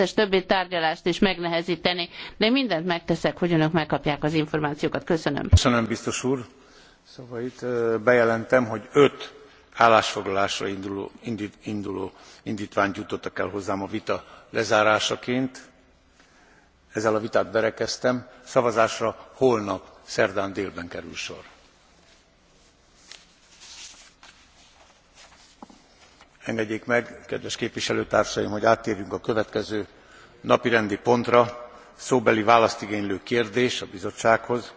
összes többi tárgyalást is megnehezíteni, de mindent megteszek, hogy önök megkapják az információkat. Köszönöm. Köszönöm, biztos úr. Szóval itt bejelentem, hogy öt állásfoglalásra induló, indít, induló indítványt jutottak el hozzám a vita lezárásaként. Ezzel a vitát berekeztem. Szavazásra holnap, szerdán délben kerül sor. engedjék meg kedves képviselőtársaim hogy áttérjünk a következő napirendi pontra szóbeli választ igénylő kérdés a bizottsághoz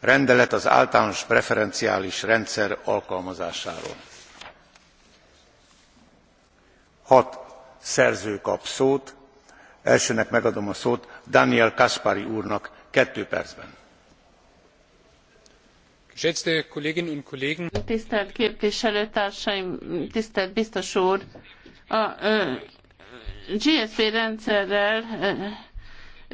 rendelet az általános preferenciális rendszer alkalmazásáról. hat szerző kap szót elsőnek megadom a szót daniel caspary úrnak kettő percben. Geschätzte Kolleginnen und Kollegen! Tisztelt képviselőtársaim, tisztelt biztos úr! A GSP rendszerrel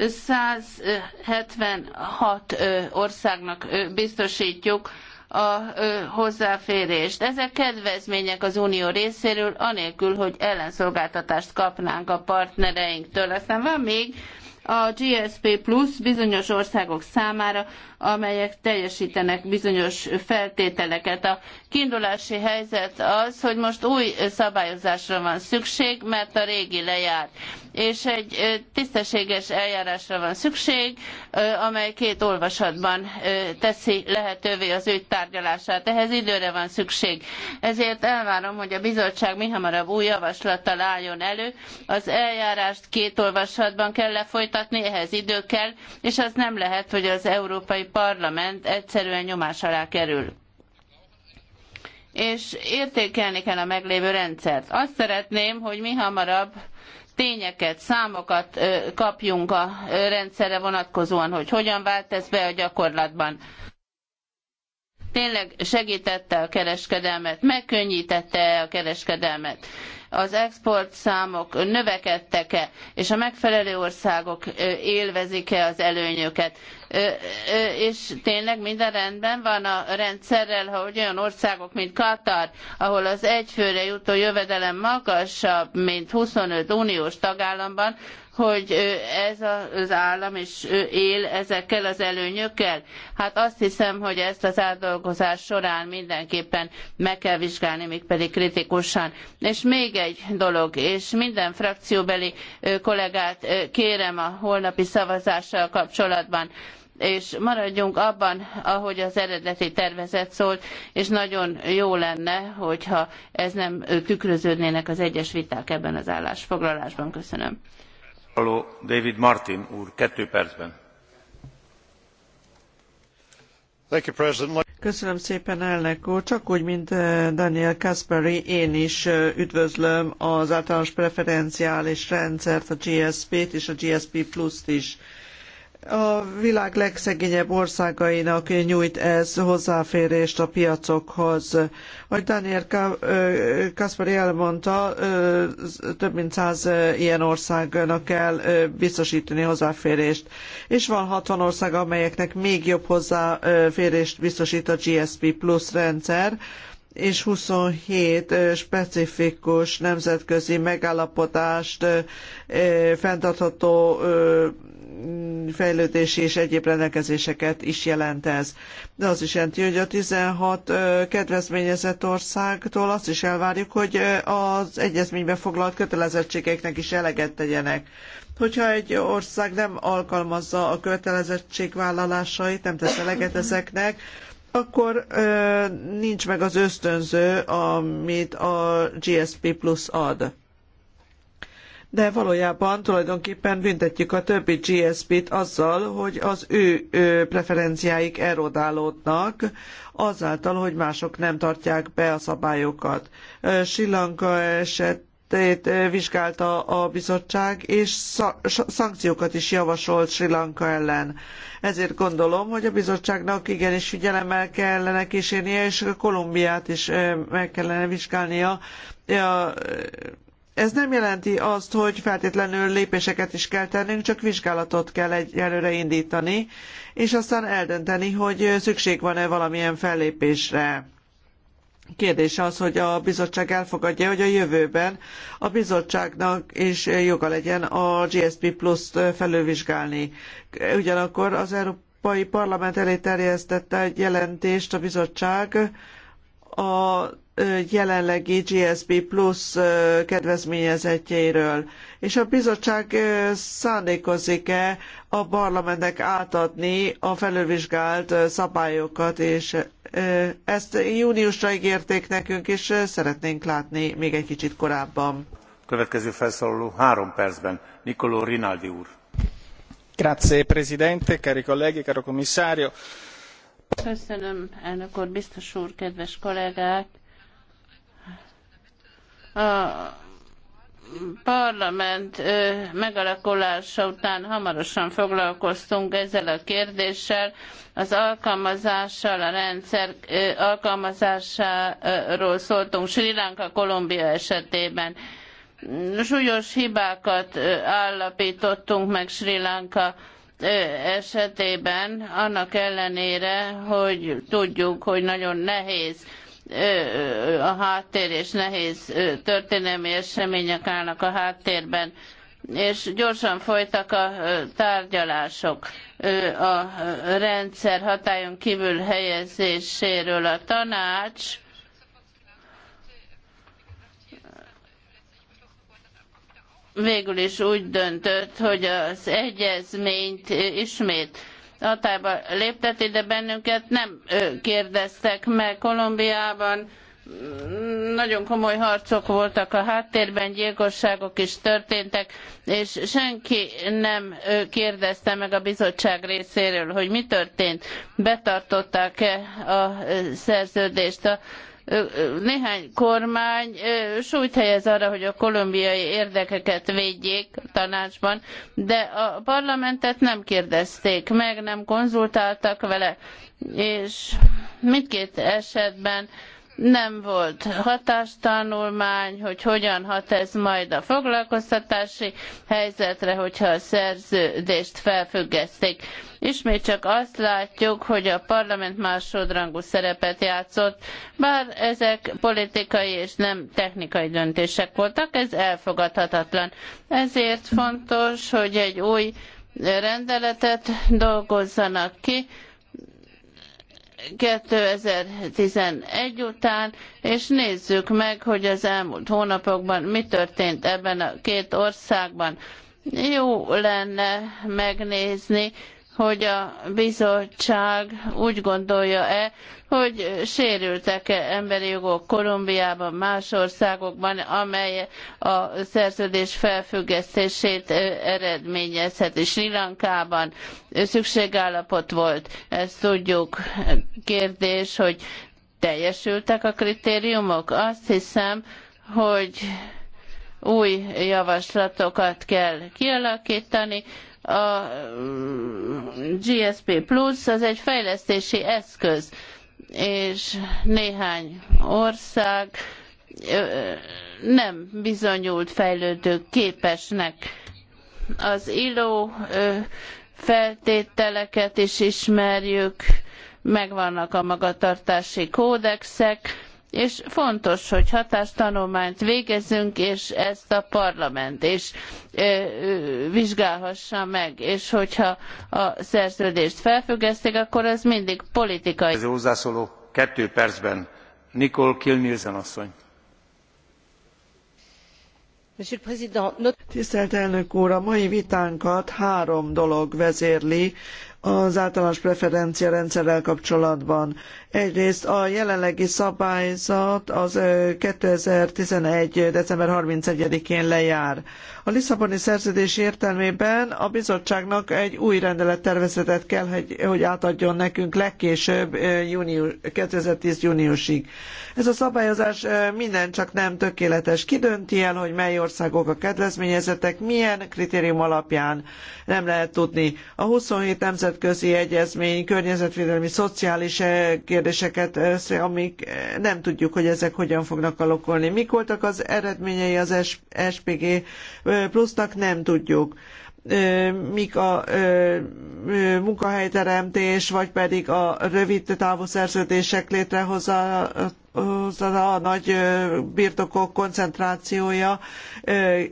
176 országnak biztosítjuk a hozzáférést. Ezek kedvezmények az unió részéről, anélkül, hogy ellenszolgáltatást kapnánk a partnereinktől. Aztán van még a GSP Plus bizonyos országok számára, amelyek teljesítenek bizonyos feltételeket. A kiindulási helyzet az, hogy most új szabályozásra van szükség, mert a régi lejárt. És egy tisztességes eljárásra van szükség, amely két olvasatban teszi lehetővé az ügy tárgyalását. Ehhez időre van szükség. Ezért elvárom, hogy a bizottság mihamarabb új javaslattal álljon elő. Az eljárást két olvasatban kell lefolytatni, folytatni, ehhez idő kell, és az nem lehet, hogy az Európai Parlament egyszerűen nyomás alá kerül és értékelni kell a meglévő rendszert. Azt szeretném, hogy mi hamarabb tényeket, számokat kapjunk a rendszerre vonatkozóan, hogy hogyan vált ez be a gyakorlatban. Tényleg segítette a kereskedelmet, megkönnyítette a kereskedelmet az exportszámok növekedtek-e, és a megfelelő országok élvezik-e az előnyöket és tényleg minden rendben van a rendszerrel, ha olyan országok, mint Katar, ahol az egyfőre jutó jövedelem magasabb, mint 25 uniós tagállamban, hogy ez az állam is él ezekkel az előnyökkel? Hát azt hiszem, hogy ezt az átdolgozás során mindenképpen meg kell vizsgálni, pedig kritikusan. És még egy dolog, és minden frakcióbeli kollégát kérem a holnapi szavazással kapcsolatban, és maradjunk abban, ahogy az eredeti tervezet szólt, és nagyon jó lenne, hogyha ez nem tükröződnének az egyes viták ebben az állásfoglalásban. Köszönöm. Halló, David Martin úr, kettő percben. Köszönöm szépen, elnök úr. Csak úgy, mint eh, Daniel Kasperi, én is eh, üdvözlöm az általános preferenciális rendszert, a GSP-t és a GSP Plus-t is a világ legszegényebb országainak nyújt ez hozzáférést a piacokhoz. Ahogy Daniel Kaspari elmondta, több mint száz ilyen országnak kell biztosítani hozzáférést. És van 60 ország, amelyeknek még jobb hozzáférést biztosít a GSP Plus rendszer, és 27 specifikus nemzetközi megállapodást fenntartható Mm, fejlődési és egyéb rendelkezéseket is jelent ez. De az is jelenti, hogy a 16 kedvezményezett országtól azt is elvárjuk, hogy az egyezményben foglalt kötelezettségeknek is eleget tegyenek. Hogyha egy ország nem alkalmazza a kötelezettségvállalásait, nem tesz eleget ezeknek, akkor nincs meg az ösztönző, amit a GSP Plus ad de valójában tulajdonképpen büntetjük a többi GSP-t azzal, hogy az ő, preferenciáik erodálódnak, azáltal, hogy mások nem tartják be a szabályokat. Sri Lanka esetét vizsgálta a bizottság, és szankciókat is javasolt Sri Lanka ellen. Ezért gondolom, hogy a bizottságnak igenis figyelemmel kellene kísérnie, és Kolumbiát is meg kellene vizsgálnia ez nem jelenti azt, hogy feltétlenül lépéseket is kell tennünk, csak vizsgálatot kell egyelőre indítani, és aztán eldönteni, hogy szükség van-e valamilyen fellépésre. Kérdés az, hogy a bizottság elfogadja, hogy a jövőben a bizottságnak is joga legyen a GSP Plus-t felülvizsgálni. Ugyanakkor az Európai Parlament elé terjesztette egy jelentést a bizottság a jelenlegi GSB Plus kedvezményezetjeiről, és a bizottság szándékozik-e a parlamentnek átadni a felülvizsgált szabályokat, és ezt júniusra ígérték nekünk, és szeretnénk látni még egy kicsit korábban. Következő felszólaló három percben, Nicolò Rinaldi úr. Grazie Presidente, cari colleghi, caro Commissario Köszönöm, elnök úr, biztos úr, kedves kollégák. A parlament megalakulása után hamarosan foglalkoztunk ezzel a kérdéssel, az alkalmazással, a rendszer alkalmazásáról szóltunk Sri Lanka, Kolumbia esetében. Súlyos hibákat állapítottunk meg Sri Lanka esetében, annak ellenére, hogy tudjuk, hogy nagyon nehéz a háttér és nehéz történelmi események állnak a háttérben, és gyorsan folytak a tárgyalások a rendszer hatályon kívül helyezéséről. A tanács végül is úgy döntött, hogy az egyezményt ismét hatályba lépteti, de bennünket nem kérdeztek meg Kolumbiában. Mm, nagyon komoly harcok voltak a háttérben, gyilkosságok is történtek, és senki nem kérdezte meg a bizottság részéről, hogy mi történt, betartották-e a szerződést. A néhány kormány súlyt helyez arra, hogy a kolumbiai érdekeket védjék a tanácsban, de a parlamentet nem kérdezték meg, nem konzultáltak vele, és mindkét esetben nem volt hatástanulmány, hogy hogyan hat ez majd a foglalkoztatási helyzetre, hogyha a szerződést felfüggesztik. Ismét csak azt látjuk, hogy a parlament másodrangú szerepet játszott, bár ezek politikai és nem technikai döntések voltak, ez elfogadhatatlan. Ezért fontos, hogy egy új rendeletet dolgozzanak ki, 2011 után, és nézzük meg, hogy az elmúlt hónapokban mi történt ebben a két országban. Jó lenne megnézni, hogy a bizottság úgy gondolja-e, hogy sérültek-e emberi jogok Kolumbiában, más országokban, amely a szerződés felfüggesztését eredményezheti. Sri Lankában szükségállapot volt, ezt tudjuk. Kérdés, hogy teljesültek a kritériumok? Azt hiszem, hogy új javaslatokat kell kialakítani, a GSP Plus az egy fejlesztési eszköz, és néhány ország nem bizonyult fejlődő képesnek. Az ILO feltételeket is ismerjük, megvannak a magatartási kódexek, és fontos, hogy hatástanulmányt végezzünk, és ezt a parlament is vizsgálhassa meg, és hogyha a szerződést felfüggesztik, akkor ez mindig politikai. Ez hozzászóló kettő percben. Nicole Kilnielsen asszony. Tisztelt elnök úr, a mai vitánkat három dolog vezérli, az általános preferencia rendszerrel kapcsolatban. Egyrészt a jelenlegi szabályzat az 2011. december 31-én lejár. A Lisszaboni szerződés értelmében a bizottságnak egy új rendelettervezetet kell, hogy átadjon nekünk legkésőbb június, 2010. júniusig. Ez a szabályozás minden csak nem tökéletes. Ki dönti el, hogy mely országok a kedvezményezetek, milyen kritérium alapján nem lehet tudni. A 27 nemzet nemzetközi egyezmény, környezetvédelmi, szociális eh, kérdéseket, eh, amik eh, nem tudjuk, hogy ezek hogyan fognak alakulni. Mik voltak az eredményei az SPG plusznak, nem tudjuk mik a munkahelyteremtés, vagy pedig a rövid távú szerződések létrehozása, az a nagy birtokok koncentrációja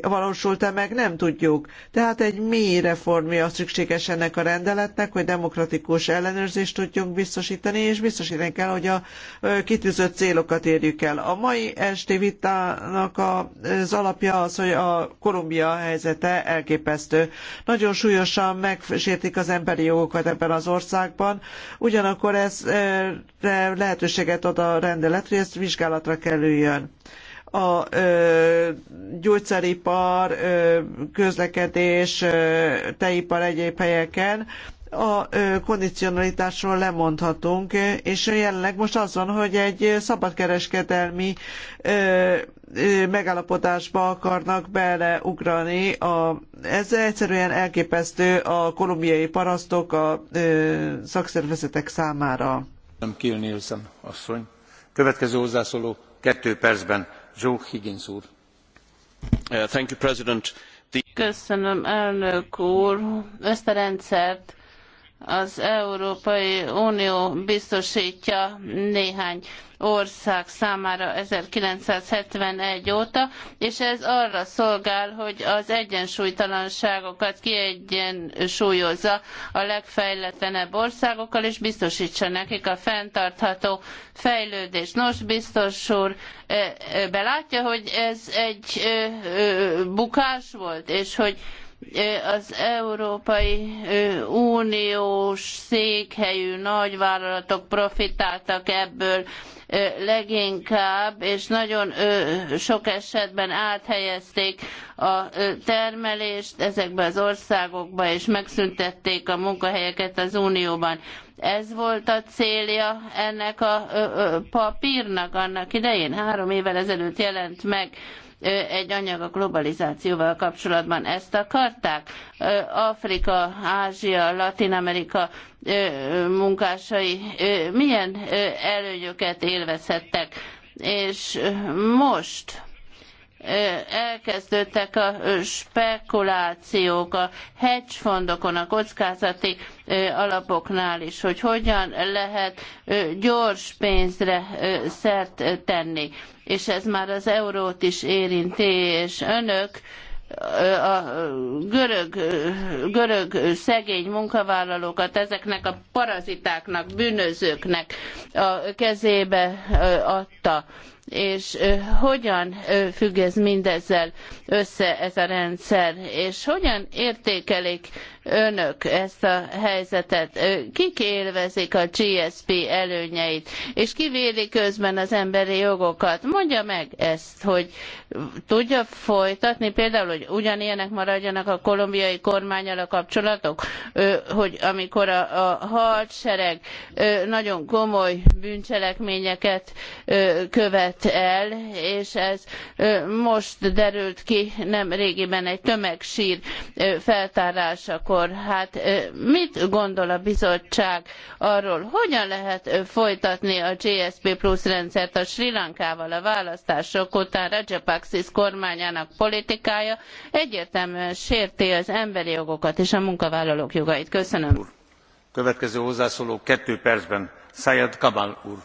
valósult-e meg, nem tudjuk. Tehát egy mély reformja szükséges ennek a rendeletnek, hogy demokratikus ellenőrzést tudjunk biztosítani, és biztosítani kell, hogy a kitűzött célokat érjük el. A mai esti vitának az alapja az, hogy a Kolumbia helyzete elképesztő. Nagyon súlyosan megsértik az emberi jogokat ebben az országban, ugyanakkor ez lehetőséget ad a rendelet, hogy ez vizsgálatra kerüljön a ö, gyógyszeripar, ö, közlekedés, ö, teipar egyéb helyeken a kondicionalitásról lemondhatunk, és jelenleg most az van, hogy egy szabadkereskedelmi megállapodásba akarnak beleugrani. A, ez egyszerűen elképesztő a kolumbiai parasztok a szakszervezetek számára. Nem Kill Nielsen asszony. Következő hozzászóló kettő percben Joe Higgins úr. Uh, Köszönöm, elnök úr. Ezt a rendszert az Európai Unió biztosítja néhány ország számára 1971 óta, és ez arra szolgál, hogy az egyensúlytalanságokat kiegyensúlyozza a legfejletlenebb országokkal, és biztosítsa nekik a fenntartható fejlődést. Nos, biztos úr e, e, belátja, hogy ez egy e, bukás volt, és hogy az Európai Uniós székhelyű nagyvállalatok profitáltak ebből leginkább, és nagyon sok esetben áthelyezték a termelést ezekbe az országokba, és megszüntették a munkahelyeket az Unióban. Ez volt a célja ennek a papírnak annak idején, három évvel ezelőtt jelent meg egy anyag a globalizációval kapcsolatban. Ezt akarták Afrika, Ázsia, Latin Amerika munkásai milyen előnyöket élvezhettek. És most elkezdődtek a spekulációk a hedge fondokon, a kockázati alapoknál is, hogy hogyan lehet gyors pénzre szert tenni. És ez már az eurót is érinti, és önök a görög, görög szegény munkavállalókat ezeknek a parazitáknak, bűnözőknek a kezébe adta és hogyan függ ez mindezzel össze ez a rendszer, és hogyan értékelik önök ezt a helyzetet? Kik élvezik a GSP előnyeit, és védi közben az emberi jogokat? Mondja meg ezt, hogy tudja folytatni például, hogy ugyanilyenek maradjanak a kolumbiai kormányal a kapcsolatok, hogy amikor a, a hadsereg nagyon komoly bűncselekményeket követ el, és ez most derült ki nem régiben egy tömegsír feltárásakor, akkor hát mit gondol a bizottság arról, hogyan lehet folytatni a GSP Plus rendszert a Sri Lankával a választások után Rajapaksis kormányának politikája egyértelműen sérti az emberi jogokat és a munkavállalók jogait. Köszönöm. Következő hozzászóló kettő percben, Sayed Kamal úr.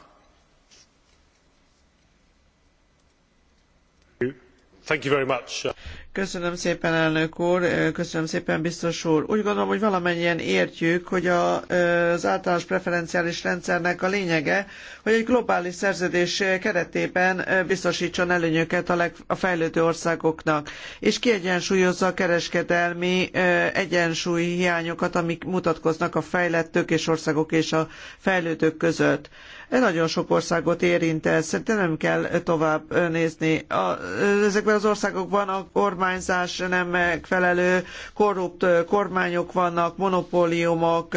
Thank you very much. Köszönöm szépen, elnök úr, köszönöm szépen, biztos úr. Úgy gondolom, hogy valamennyien értjük, hogy a, az általános preferenciális rendszernek a lényege, hogy egy globális szerződés keretében biztosítson előnyöket a, leg, a fejlődő országoknak, és kiegyensúlyozza a kereskedelmi egyensúly hiányokat, amik mutatkoznak a fejlett és országok és a fejlődők között. E nagyon sok országot érint ez, szerintem nem kell tovább nézni. A, ezekben az országokban a kormányzás nem megfelelő, korrupt kormányok vannak, monopóliumok,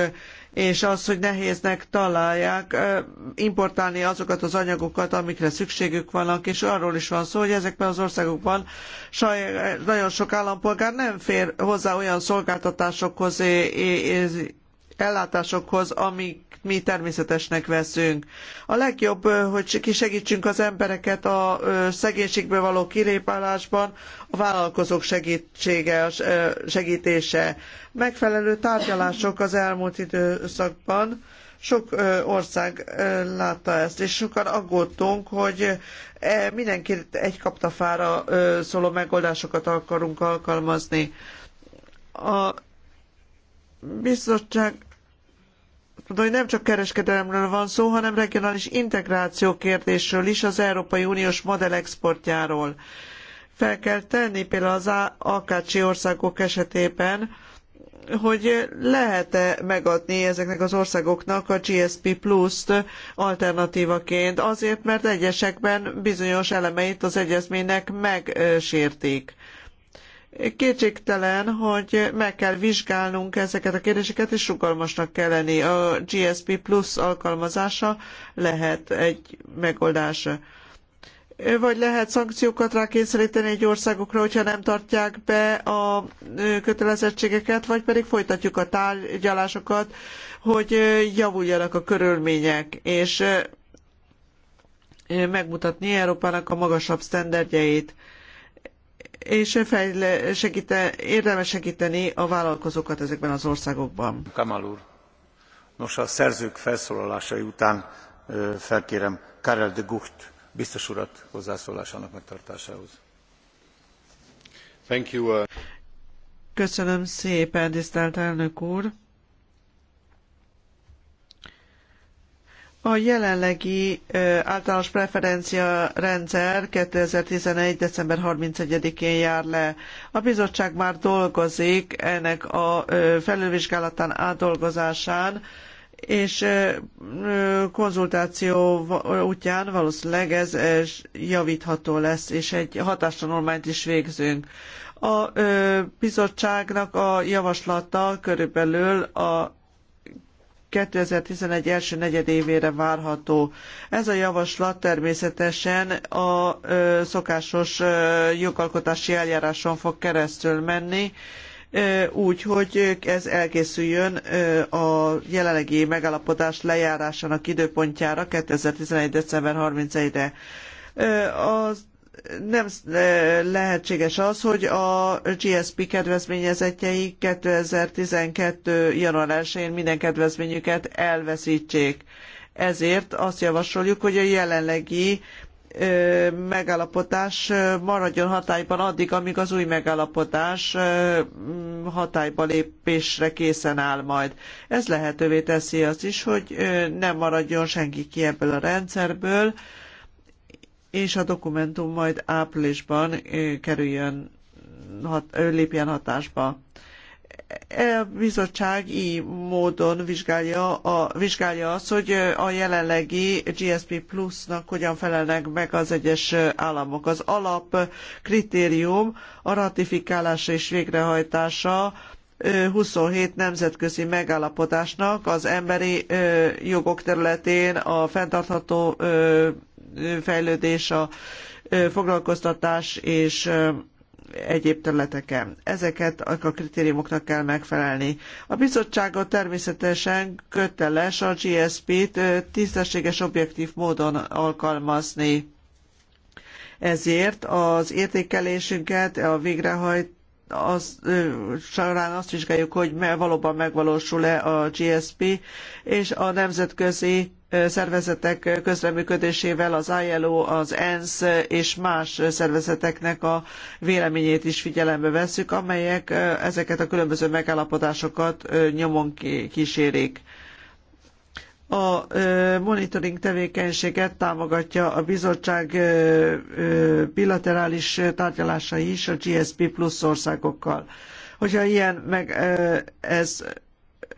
és az, hogy nehéznek találják importálni azokat az anyagokat, amikre szükségük vannak, és arról is van szó, hogy ezekben az országokban saj, nagyon sok állampolgár nem fér hozzá olyan szolgáltatásokhoz, ellátásokhoz, amik mi természetesnek veszünk. A legjobb, hogy kisegítsünk az embereket a szegénységből való kilépálásban, a vállalkozók segítsége, segítése. Megfelelő tárgyalások az elmúlt időszakban sok ország látta ezt, és sokan aggódtunk, hogy mindenkit egy kaptafára szóló megoldásokat akarunk alkalmazni. A bizottság hogy nem csak kereskedelemről van szó, hanem regionális integráció kérdésről is, az Európai Uniós modell exportjáról. Fel kell tenni például az Akácsi országok esetében, hogy lehet-e megadni ezeknek az országoknak a GSP Plus-t alternatívaként, azért, mert egyesekben bizonyos elemeit az egyezménynek megsértik. Kétségtelen, hogy meg kell vizsgálnunk ezeket a kérdéseket, és rugalmasnak kell lenni. A GSP Plus alkalmazása lehet egy megoldás. Vagy lehet szankciókat rákényszeríteni egy országokra, hogyha nem tartják be a kötelezettségeket, vagy pedig folytatjuk a tárgyalásokat, hogy javuljanak a körülmények, és megmutatni Európának a magasabb sztenderdjeit és fejle, segíte, érdemes segíteni a vállalkozókat ezekben az országokban. Kamal úr, nos a szerzők felszólalásai után felkérem Karel de Gucht biztos urat hozzászólásának megtartásához. Thank you. Uh, Köszönöm szépen, tisztelt elnök úr! A jelenlegi általános preferencia rendszer 2011. december 31-én jár le. A bizottság már dolgozik ennek a felülvizsgálatán, átdolgozásán, és konzultáció útján valószínűleg ez javítható lesz, és egy hatástanulmányt is végzünk. A bizottságnak a javaslata körülbelül a 2011 első negyedévére várható. Ez a javaslat természetesen a szokásos jogalkotási eljáráson fog keresztül menni, úgy, hogy ez elkészüljön a jelenlegi megállapodás lejárásának időpontjára 2011. december 31-re. Az nem lehetséges az, hogy a GSP kedvezményezetjei 2012. január 1-én minden kedvezményüket elveszítsék. Ezért azt javasoljuk, hogy a jelenlegi megállapodás maradjon hatályban addig, amíg az új megállapodás hatályba lépésre készen áll majd. Ez lehetővé teszi azt is, hogy nem maradjon senki ki ebből a rendszerből, és a dokumentum majd áprilisban kerüljön, hat, lépjen hatásba. E, a bizottság így módon vizsgálja, a, vizsgálja azt, hogy a jelenlegi GSP Plus-nak hogyan felelnek meg az egyes államok. Az alap kritérium a ratifikálása és végrehajtása 27 nemzetközi megállapodásnak az emberi jogok területén, a fenntartható fejlődés, a foglalkoztatás és egyéb területeken. Ezeket a kritériumoknak kell megfelelni. A bizottságot természetesen köteles a GSP-t tisztességes, objektív módon alkalmazni. Ezért az értékelésünket, a végrehajt az, során azt vizsgáljuk, hogy valóban megvalósul-e a GSP, és a nemzetközi szervezetek közreműködésével az ILO, az ENSZ és más szervezeteknek a véleményét is figyelembe vesszük, amelyek ezeket a különböző megállapodásokat nyomon kísérik a monitoring tevékenységet támogatja a bizottság bilaterális tárgyalásai is a GSP plusz országokkal. Hogyha ilyen meg ez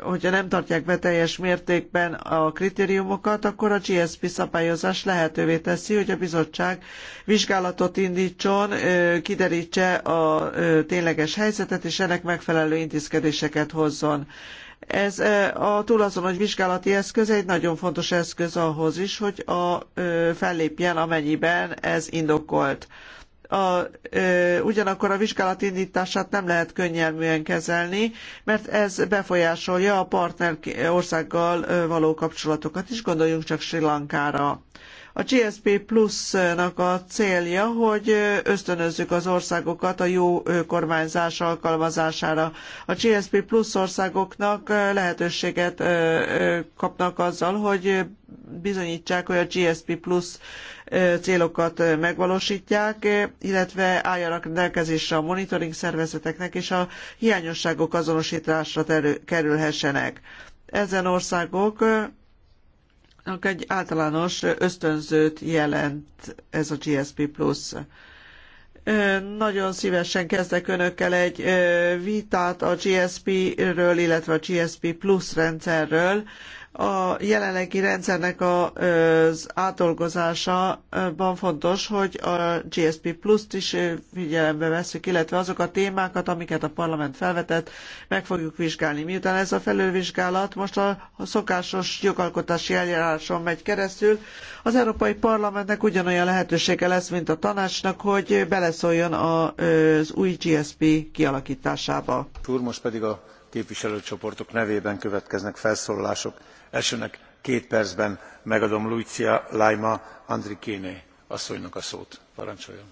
hogyha nem tartják be teljes mértékben a kritériumokat, akkor a GSP szabályozás lehetővé teszi, hogy a bizottság vizsgálatot indítson, kiderítse a tényleges helyzetet, és ennek megfelelő intézkedéseket hozzon. Ez a túlazonos vizsgálati eszköz egy nagyon fontos eszköz ahhoz is, hogy a fellépjen, amennyiben ez indokolt. A, ö, ugyanakkor a vizsgálat indítását nem lehet könnyelműen kezelni, mert ez befolyásolja a partner országgal való kapcsolatokat is, gondoljunk csak Sri Lankára. A GSP Plus-nak a célja, hogy ösztönözzük az országokat a jó kormányzás alkalmazására. A GSP Plus országoknak lehetőséget kapnak azzal, hogy bizonyítsák, hogy a GSP Plus célokat megvalósítják, illetve álljanak rendelkezésre a monitoring szervezeteknek, és a hiányosságok azonosításra kerülhessenek. Ezen országok egy általános ösztönzőt jelent ez a GSP+. Plus. Nagyon szívesen kezdek önökkel egy vitát a GSP-ről, illetve a GSP Plus rendszerről, a jelenlegi rendszernek az átdolgozásában fontos, hogy a GSP Plus-t is figyelembe vesszük, illetve azok a témákat, amiket a parlament felvetett, meg fogjuk vizsgálni. Miután ez a felülvizsgálat most a szokásos jogalkotási eljáráson megy keresztül, az Európai Parlamentnek ugyanolyan lehetősége lesz, mint a tanácsnak, hogy beleszóljon az új GSP kialakításába. Úr, most pedig a képviselőcsoportok nevében következnek felszólalások. elsőnek két percben megadom lucia laima andrikien asszonynak a szót. parancsoljon!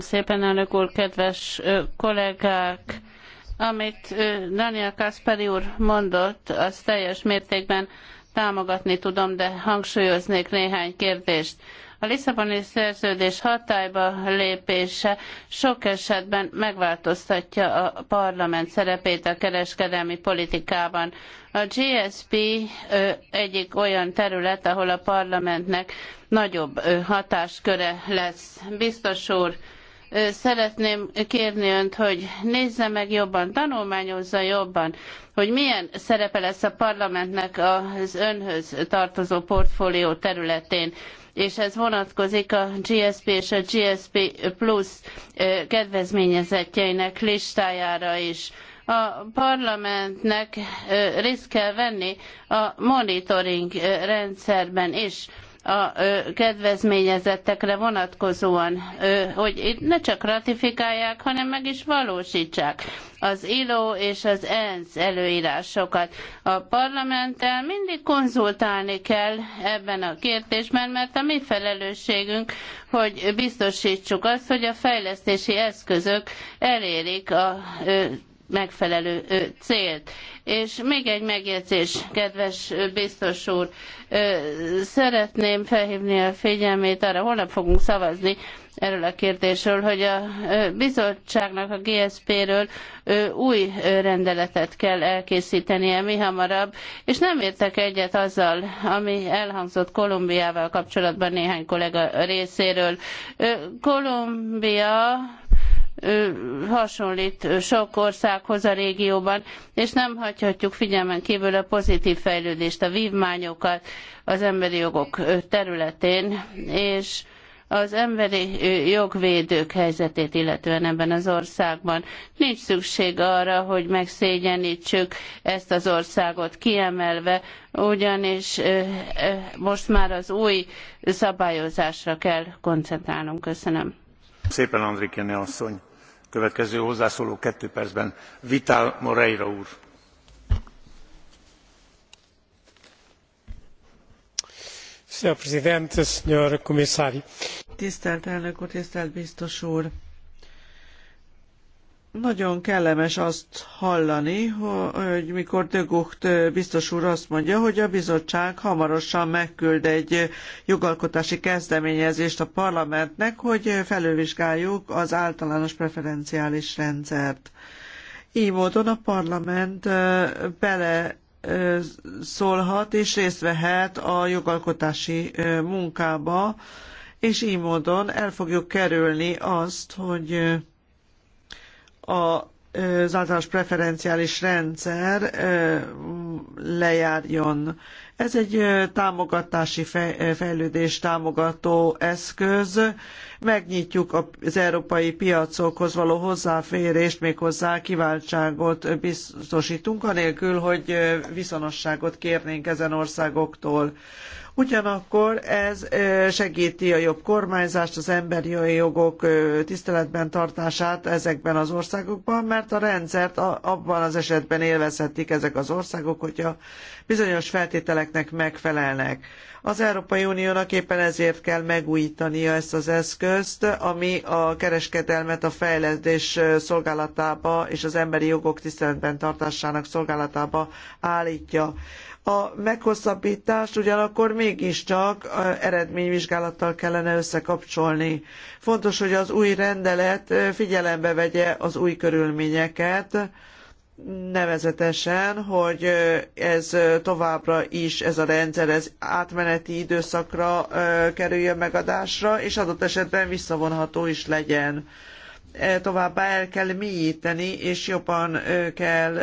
szépen, kedves kollégák! Amit Daniel Caspary úr mondott, azt teljes mértékben támogatni tudom, de hangsúlyoznék néhány kérdést a Lisszaboni szerződés hatályba lépése sok esetben megváltoztatja a parlament szerepét a kereskedelmi politikában. A GSP egyik olyan terület, ahol a parlamentnek nagyobb hatásköre lesz. Biztos úr, szeretném kérni önt, hogy nézze meg jobban, tanulmányozza jobban, hogy milyen szerepe lesz a parlamentnek az önhöz tartozó portfólió területén és ez vonatkozik a GSP és a GSP Plus kedvezményezettjeinek listájára is a parlamentnek részt kell venni a monitoring rendszerben is a kedvezményezettekre vonatkozóan, hogy itt ne csak ratifikálják, hanem meg is valósítsák az ILO és az ENSZ előírásokat. A parlamenttel mindig konzultálni kell ebben a kérdésben, mert a mi felelősségünk, hogy biztosítsuk azt, hogy a fejlesztési eszközök elérik a megfelelő célt. És még egy megjegyzés, kedves biztos úr, szeretném felhívni a figyelmét arra, holnap fogunk szavazni erről a kérdésről, hogy a bizottságnak a GSP-ről új rendeletet kell elkészítenie mi hamarabb, és nem értek egyet azzal, ami elhangzott Kolumbiával kapcsolatban néhány kollega részéről. Kolumbia hasonlít sok országhoz a régióban, és nem hagyhatjuk figyelmen kívül a pozitív fejlődést, a vívmányokat az emberi jogok területén, és az emberi jogvédők helyzetét illetően ebben az országban. Nincs szükség arra, hogy megszégyenítsük ezt az országot kiemelve, ugyanis most már az új szabályozásra kell koncentrálnunk. Köszönöm. Szépen Andrikéni asszony. Következő hozzászóló kettő percben Vital Moreira úr. Tisztelt elnök úr, tisztelt biztos úr! Nagyon kellemes azt hallani, hogy mikor gucht biztos úr azt mondja, hogy a bizottság hamarosan megküld egy jogalkotási kezdeményezést a parlamentnek, hogy felülvizsgáljuk az általános preferenciális rendszert. Így módon a parlament bele szólhat és részt vehet a jogalkotási munkába, és így módon el fogjuk kerülni azt, hogy a az általános preferenciális rendszer lejárjon. Ez egy támogatási fejlődés támogató eszköz. Megnyitjuk az európai piacokhoz való hozzáférést, méghozzá kiváltságot biztosítunk, anélkül, hogy viszonosságot kérnénk ezen országoktól. Ugyanakkor ez segíti a jobb kormányzást, az emberi jogok tiszteletben tartását ezekben az országokban, mert a rendszert abban az esetben élvezhetik ezek az országok, hogyha bizonyos feltételeknek megfelelnek. Az Európai Uniónak éppen ezért kell megújítania ezt az eszközt, ami a kereskedelmet a fejlesztés szolgálatába és az emberi jogok tiszteletben tartásának szolgálatába állítja a meghosszabbítást ugyanakkor mégiscsak eredményvizsgálattal kellene összekapcsolni. Fontos, hogy az új rendelet figyelembe vegye az új körülményeket, nevezetesen, hogy ez továbbra is, ez a rendszer, ez átmeneti időszakra kerüljön megadásra, és adott esetben visszavonható is legyen továbbá el kell mélyíteni, és jobban kell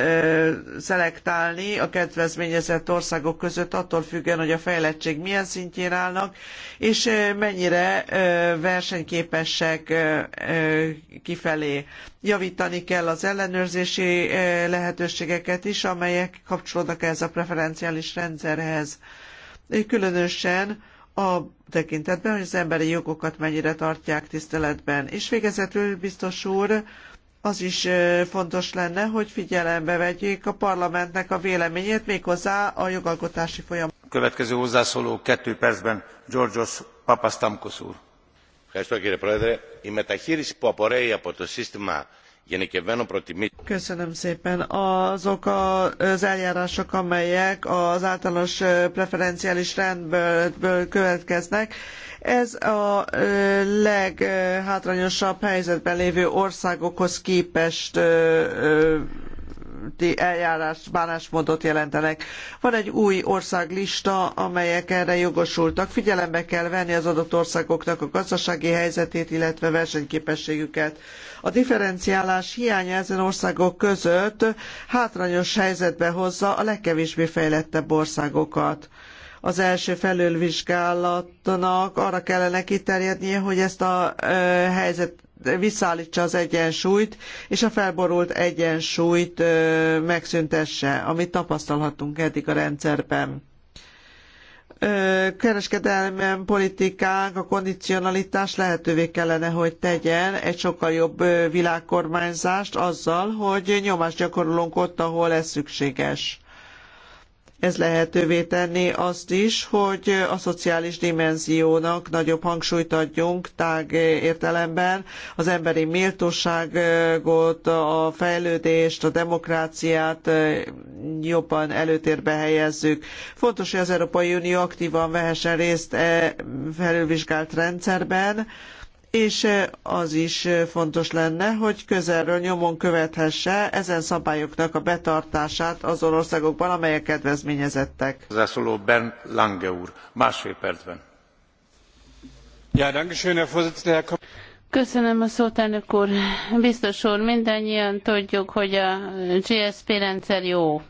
szelektálni a kedvezményezett országok között, attól függően, hogy a fejlettség milyen szintjén állnak, és mennyire versenyképesek kifelé. Javítani kell az ellenőrzési lehetőségeket is, amelyek kapcsolódnak ehhez a preferenciális rendszerhez. Különösen a tekintetben, hogy az emberi jogokat mennyire tartják tiszteletben. És végezetül, biztos úr, az is fontos lenne, hogy figyelembe vegyék a parlamentnek a véleményét, méghozzá a jogalkotási folyamat. Következő hozzászóló kettő percben Georgios Papastamkos úr. Köszönöm, κύριε a Η μεταχείριση που απορρέει Köszönöm szépen. Azok az eljárások, amelyek az általános preferenciális rendből következnek, ez a leghátrányosabb helyzetben lévő országokhoz képest eljárás, bánásmódot jelentenek. Van egy új országlista, amelyek erre jogosultak. Figyelembe kell venni az adott országoknak a gazdasági helyzetét, illetve versenyképességüket. A differenciálás hiánya ezen országok között hátrányos helyzetbe hozza a legkevésbé fejlettebb országokat az első felülvizsgálatnak arra kellene kiterjednie, hogy ezt a helyzet visszaállítsa az egyensúlyt, és a felborult egyensúlyt megszüntesse, amit tapasztalhatunk eddig a rendszerben kereskedelmen politikánk, a kondicionalitás lehetővé kellene, hogy tegyen egy sokkal jobb világkormányzást azzal, hogy nyomást gyakorolunk ott, ahol ez szükséges. Ez lehetővé tenni azt is, hogy a szociális dimenziónak nagyobb hangsúlyt adjunk tág értelemben, az emberi méltóságot, a fejlődést, a demokráciát jobban előtérbe helyezzük. Fontos, hogy az Európai Unió aktívan vehessen részt e felülvizsgált rendszerben, és eh, az is eh, fontos lenne, hogy közelről nyomon követhesse ezen szabályoknak a betartását azon országokban, amelyek kedvezményezettek. Zászoló Ben Lange úr, másfél percben. Ja, Köszönöm a szót, elnök úr. Biztos úr, mindannyian tudjuk, hogy a GSP rendszer jó,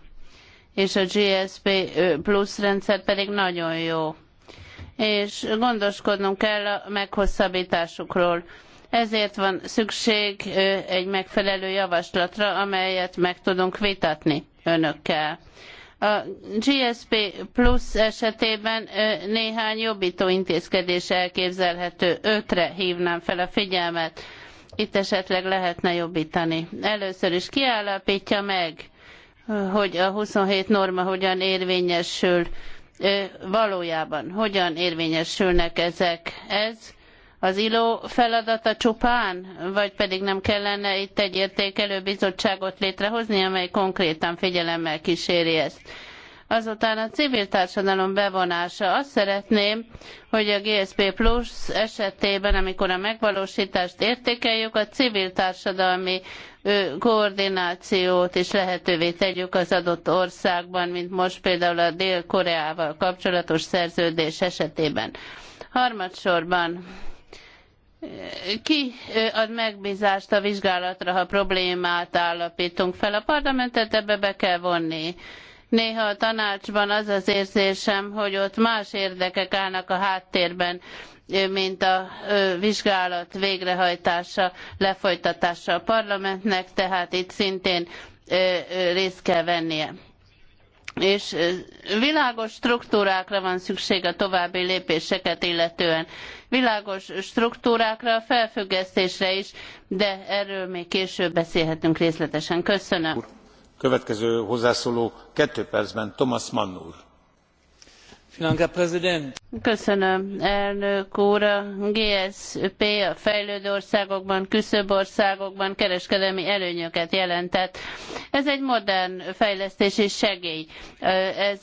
és a GSP plusz rendszer pedig nagyon jó és gondoskodnunk kell a meghosszabbításukról. Ezért van szükség egy megfelelő javaslatra, amelyet meg tudunk vitatni önökkel. A GSP Plus esetében néhány jobbító intézkedés elképzelhető. Ötre hívnám fel a figyelmet. Itt esetleg lehetne jobbítani. Először is kiállapítja meg, hogy a 27 norma hogyan érvényesül valójában hogyan érvényesülnek ezek. Ez az ILO feladata csupán, vagy pedig nem kellene itt egy értékelő bizottságot létrehozni, amely konkrétan figyelemmel kíséri ezt. Azután a civil társadalom bevonása. Azt szeretném, hogy a GSP Plus esetében, amikor a megvalósítást értékeljük, a civil társadalmi koordinációt is lehetővé tegyük az adott országban, mint most például a Dél-Koreával kapcsolatos szerződés esetében. Harmadsorban ki ad megbízást a vizsgálatra, ha problémát állapítunk fel. A parlamentet ebbe be kell vonni Néha a tanácsban az az érzésem, hogy ott más érdekek állnak a háttérben, mint a vizsgálat végrehajtása, lefolytatása a parlamentnek, tehát itt szintén részt kell vennie és világos struktúrákra van szükség a további lépéseket illetően. Világos struktúrákra, a felfüggesztésre is, de erről még később beszélhetünk részletesen. Köszönöm következő hozzászóló kettő percben thomas mann úr. Köszönöm, GSP a fejlődő országokban, küszöbb országokban kereskedelmi előnyöket jelentett. Ez egy modern fejlesztési segély. Ez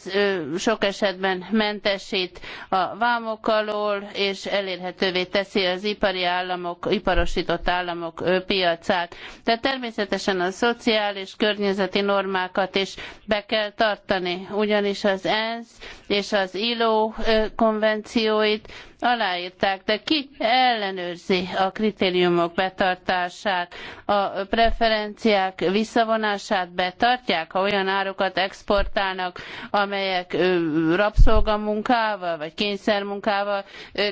sok esetben mentesít a vámok alól, és elérhetővé teszi az ipari államok, iparosított államok piacát. De természetesen a szociális, környezeti normákat is be kell tartani, ugyanis az ENSZ és az ILO konvencióit aláírták, de ki ellenőrzi a kritériumok betartását, a preferenciák visszavonását betartják, ha olyan árukat exportálnak, amelyek rabszolgamunkával vagy kényszermunkával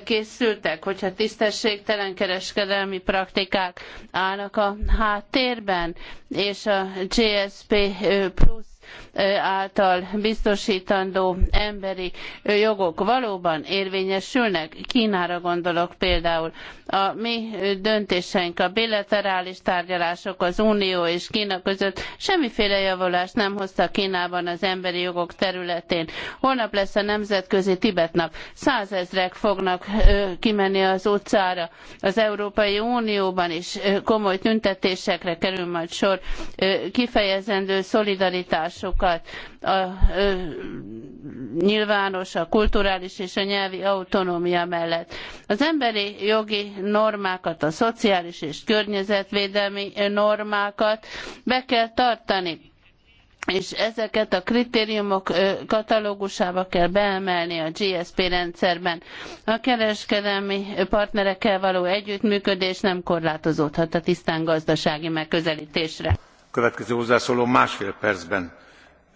készültek, hogyha tisztességtelen kereskedelmi praktikák állnak a háttérben, és a GSP plusz által biztosítandó emberi jogok valóban érvényesülnek. Kínára gondolok például. A mi döntéseink, a bilaterális tárgyalások az Unió és Kína között semmiféle javulást nem hoztak Kínában az emberi jogok területén. Holnap lesz a Nemzetközi Tibetnap. Százezrek fognak kimenni az utcára. Az Európai Unióban is komoly tüntetésekre kerül majd sor. Kifejezendő szolidaritás forrásokat, a ö, nyilvános, a kulturális és a nyelvi autonómia mellett. Az emberi jogi normákat, a szociális és környezetvédelmi normákat be kell tartani és ezeket a kritériumok katalógusába kell beemelni a GSP rendszerben. A kereskedelmi partnerekkel való együttműködés nem korlátozódhat a tisztán gazdasági megközelítésre. Következő hozzászóló másfél percben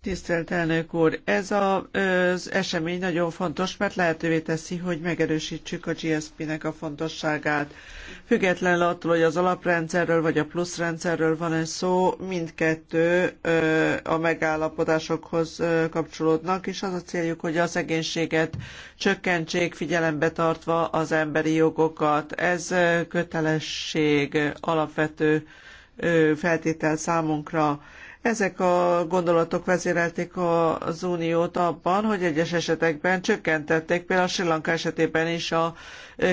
Tisztelt elnök úr, ez a, az esemény nagyon fontos, mert lehetővé teszi, hogy megerősítsük a GSP-nek a fontosságát. Függetlenül attól, hogy az alaprendszerről vagy a pluszrendszerről van -e szó, mindkettő a megállapodásokhoz kapcsolódnak, és az a céljuk, hogy a szegénységet csökkentsék, figyelembe tartva az emberi jogokat. Ez kötelesség alapvető feltétel számunkra. Ezek a gondolatok vezérelték az uniót abban, hogy egyes esetekben csökkentették, például a Sri Lanka esetében is a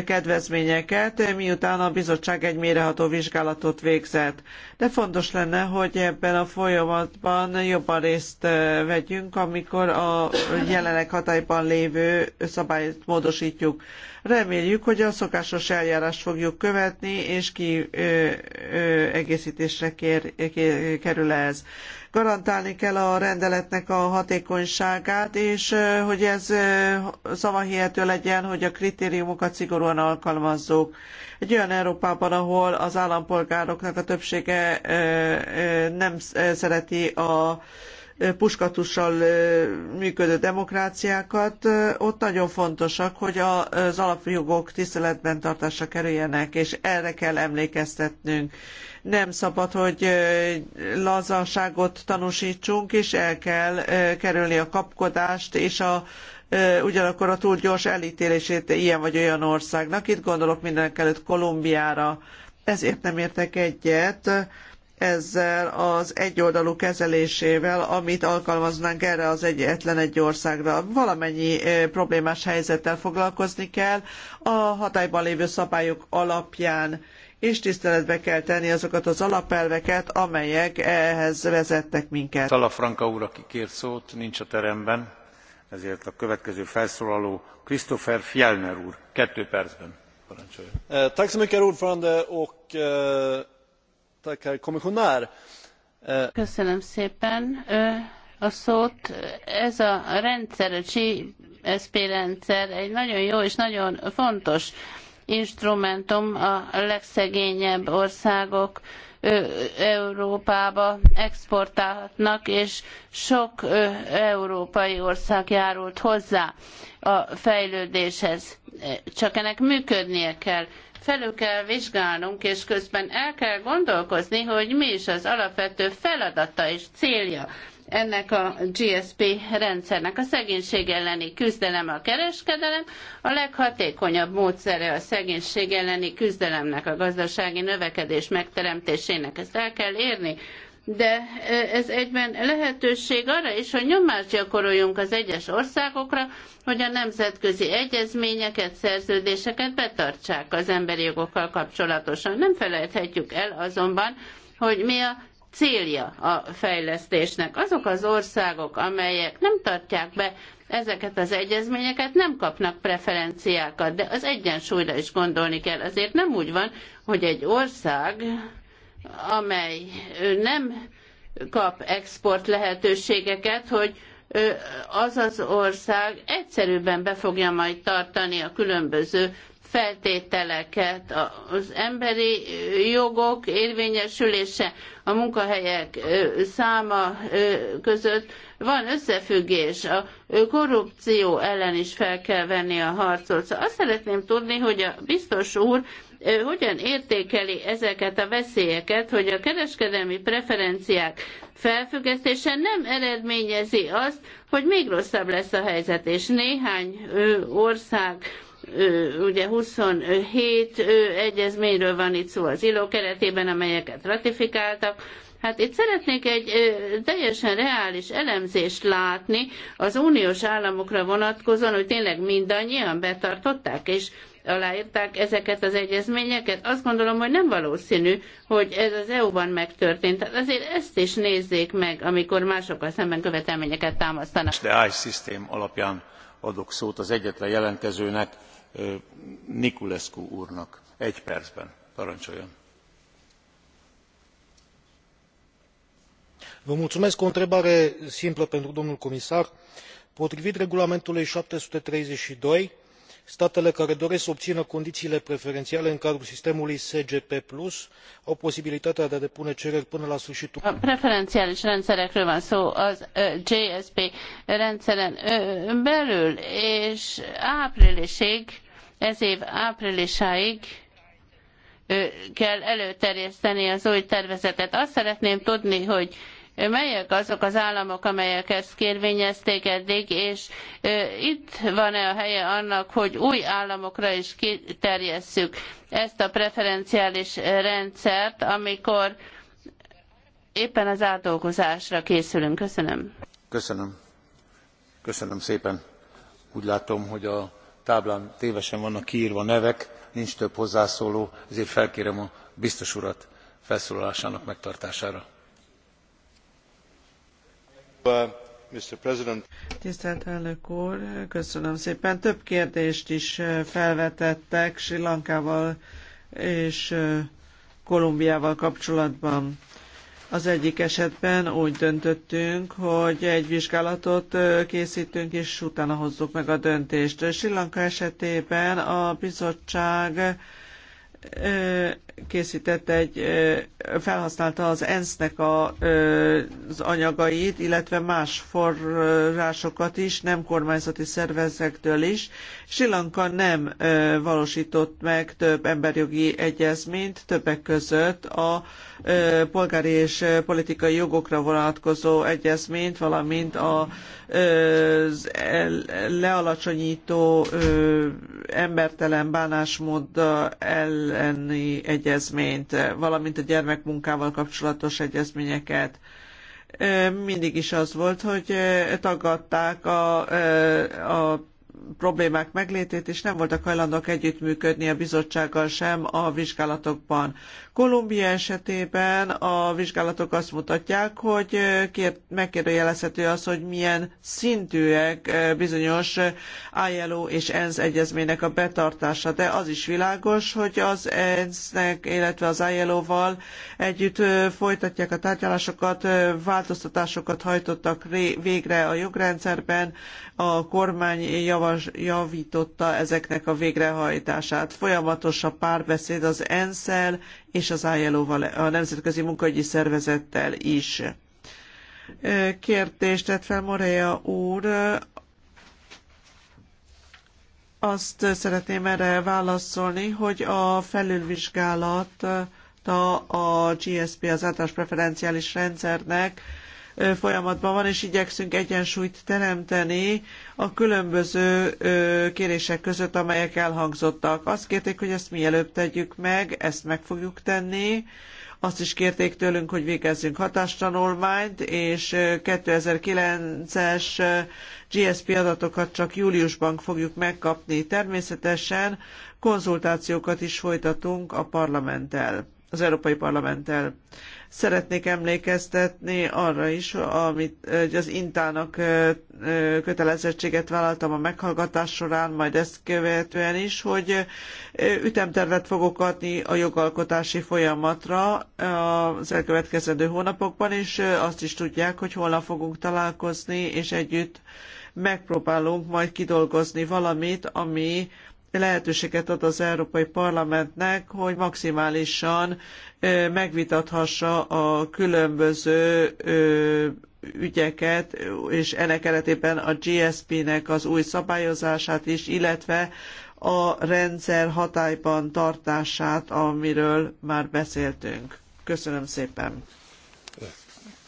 kedvezményeket, miután a bizottság egy méreható vizsgálatot végzett. De fontos lenne, hogy ebben a folyamatban jobban részt vegyünk, amikor a jelenleg hatályban lévő szabályt módosítjuk. Reméljük, hogy a szokásos eljárást fogjuk követni, és ki ö, ö, egészítésre kér, kér, kerül ez garantálni kell a rendeletnek a hatékonyságát, és hogy ez szavahihető legyen, hogy a kritériumokat szigorúan alkalmazzuk. Egy olyan Európában, ahol az állampolgároknak a többsége nem szereti a puskatussal működő demokráciákat, ott nagyon fontosak, hogy az alapjogok tiszteletben tartásra kerüljenek, és erre kell emlékeztetnünk nem szabad, hogy lazaságot tanúsítsunk, és el kell kerülni a kapkodást és a ugyanakkor a túl gyors elítélését ilyen vagy olyan országnak. Itt gondolok mindenekelőtt Kolumbiára. Ezért nem értek egyet ezzel az egyoldalú kezelésével, amit alkalmaznánk erre az egyetlen egy országra. Valamennyi problémás helyzettel foglalkozni kell a hatályban lévő szabályok alapján és tiszteletbe kell tenni azokat az alapelveket, amelyek ehhez vezettek minket. Salafranca úr, aki kért szót, nincs a teremben, ezért a következő felszólaló Christopher Fjellner úr, kettő percben. Parancsolja. Eh, tack så mycket, ordförande, och eh, tack, herr kommissionär. Eh, Köszönöm szépen a szót. Ez a rendszer, a GSP rendszer egy nagyon jó és nagyon fontos instrumentum a legszegényebb országok Európába exportálhatnak, és sok európai ország járult hozzá a fejlődéshez. Csak ennek működnie kell. Felül kell vizsgálnunk, és közben el kell gondolkozni, hogy mi is az alapvető feladata és célja ennek a GSP rendszernek. A szegénység elleni küzdelem a kereskedelem, a leghatékonyabb módszere a szegénység elleni küzdelemnek, a gazdasági növekedés megteremtésének. Ezt el kell érni de ez egyben lehetőség arra is, hogy nyomást gyakoroljunk az egyes országokra, hogy a nemzetközi egyezményeket, szerződéseket betartsák az emberi jogokkal kapcsolatosan. Nem felejthetjük el azonban, hogy mi a célja a fejlesztésnek. Azok az országok, amelyek nem tartják be ezeket az egyezményeket, nem kapnak preferenciákat, de az egyensúlyra is gondolni kell. Azért nem úgy van, hogy egy ország, amely nem kap export lehetőségeket, hogy az az ország egyszerűbben be fogja majd tartani a különböző feltételeket, az emberi jogok érvényesülése, a munkahelyek száma között van összefüggés, a korrupció ellen is fel kell venni a harcot. Szóval azt szeretném tudni, hogy a biztos úr hogyan értékeli ezeket a veszélyeket, hogy a kereskedelmi preferenciák felfüggesztése nem eredményezi azt, hogy még rosszabb lesz a helyzet, és néhány ország ugye 27 egyezményről van itt szó az ILO keretében, amelyeket ratifikáltak, Hát itt szeretnék egy ö, teljesen reális elemzést látni az uniós államokra vonatkozóan, hogy tényleg mindannyian betartották és aláírták ezeket az egyezményeket. Azt gondolom, hogy nem valószínű, hogy ez az EU-ban megtörtént. Tehát azért ezt is nézzék meg, amikor másokkal szemben követelményeket támasztanak. De ice system alapján adok szót az egyetlen jelentkezőnek, niculescu úrnak egy percben parancsoljon! o întrebare simplă pentru domnul comisar potrivit regulamentului șapte sute treizeci și doi statele care doresc să obină condiiile prefereniale în cadrul sistemului sgp au posibilitatea de a depune cereri până la sfâritul. Uh, uh, uh, a preferenciális rendszerekről van szó az gsp rendszeren belül és áprilisig ez év áprilisáig kell előterjeszteni az új tervezetet. Azt szeretném tudni, hogy melyek azok az államok, amelyek ezt kérvényezték eddig, és itt van-e a helye annak, hogy új államokra is kiterjesszük ezt a preferenciális rendszert, amikor éppen az átdolgozásra készülünk. Köszönöm. Köszönöm. Köszönöm szépen. Úgy látom, hogy a táblán tévesen vannak kirva nevek, nincs több hozzászóló, ezért felkérem a biztos urat felszólalásának megtartására. Tisztelt elnök úr, köszönöm szépen. Több kérdést is felvetettek Sri Lankával és Kolumbiával kapcsolatban. Az egyik esetben úgy döntöttünk, hogy egy vizsgálatot készítünk, és utána hozzuk meg a döntést. Sillanka esetében a bizottság készített egy, felhasználta az ENSZ-nek a, az anyagait, illetve más forrásokat is, nem kormányzati szervezektől is. Sri Lanka nem valósított meg több emberjogi egyezményt, többek között a polgári és politikai jogokra vonatkozó egyezményt, valamint a lealacsonyító embertelen bánásmód el elleni egyezményt, valamint a gyermekmunkával kapcsolatos egyezményeket mindig is az volt, hogy tagadták a, a problémák meglétét, és nem voltak hajlandók együttműködni a bizottsággal sem a vizsgálatokban. Kolumbia esetében a vizsgálatok azt mutatják, hogy megkérdőjelezhető az, hogy milyen szintűek bizonyos ILO és ENSZ egyezménynek a betartása, de az is világos, hogy az ENSZ-nek, illetve az ILO-val együtt folytatják a tárgyalásokat, változtatásokat hajtottak végre a jogrendszerben, a kormány javaslat javította ezeknek a végrehajtását. Folyamatos a párbeszéd az ensz és az ILO-val, a Nemzetközi Munkahogyi Szervezettel is. Kérdést tett fel Morea úr, azt szeretném erre válaszolni, hogy a felülvizsgálat a GSP, az általános preferenciális rendszernek folyamatban van, és igyekszünk egyensúlyt teremteni a különböző kérések között, amelyek elhangzottak. Azt kérték, hogy ezt mielőbb tegyük meg, ezt meg fogjuk tenni. Azt is kérték tőlünk, hogy végezzünk hatástanulmányt, és 2009-es GSP adatokat csak júliusban fogjuk megkapni. Természetesen konzultációkat is folytatunk a parlamenttel, az Európai Parlamenttel. Szeretnék emlékeztetni arra is, amit hogy az Intának kötelezettséget vállaltam a meghallgatás során, majd ezt követően is, hogy ütemtervet fogok adni a jogalkotási folyamatra az elkövetkezendő hónapokban, és azt is tudják, hogy holnap fogunk találkozni, és együtt megpróbálunk majd kidolgozni valamit, ami lehetőséget ad az Európai Parlamentnek, hogy maximálisan megvitathassa a különböző ügyeket, és ennek keretében a GSP-nek az új szabályozását is, illetve a rendszer hatályban tartását, amiről már beszéltünk. Köszönöm szépen.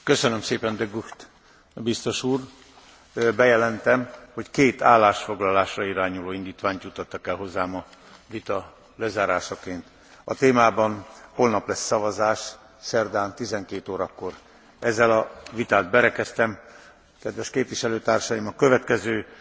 Köszönöm szépen, de Gucht, biztos úr bejelentem hogy két állásfoglalásra irányuló indtványt juttattak el hozzám a vita lezárásaként. a témában holnap lesz szavazás szerdán twelve órakor. ezzel a vitát berekeztem. kedves képviselőtársaim a következő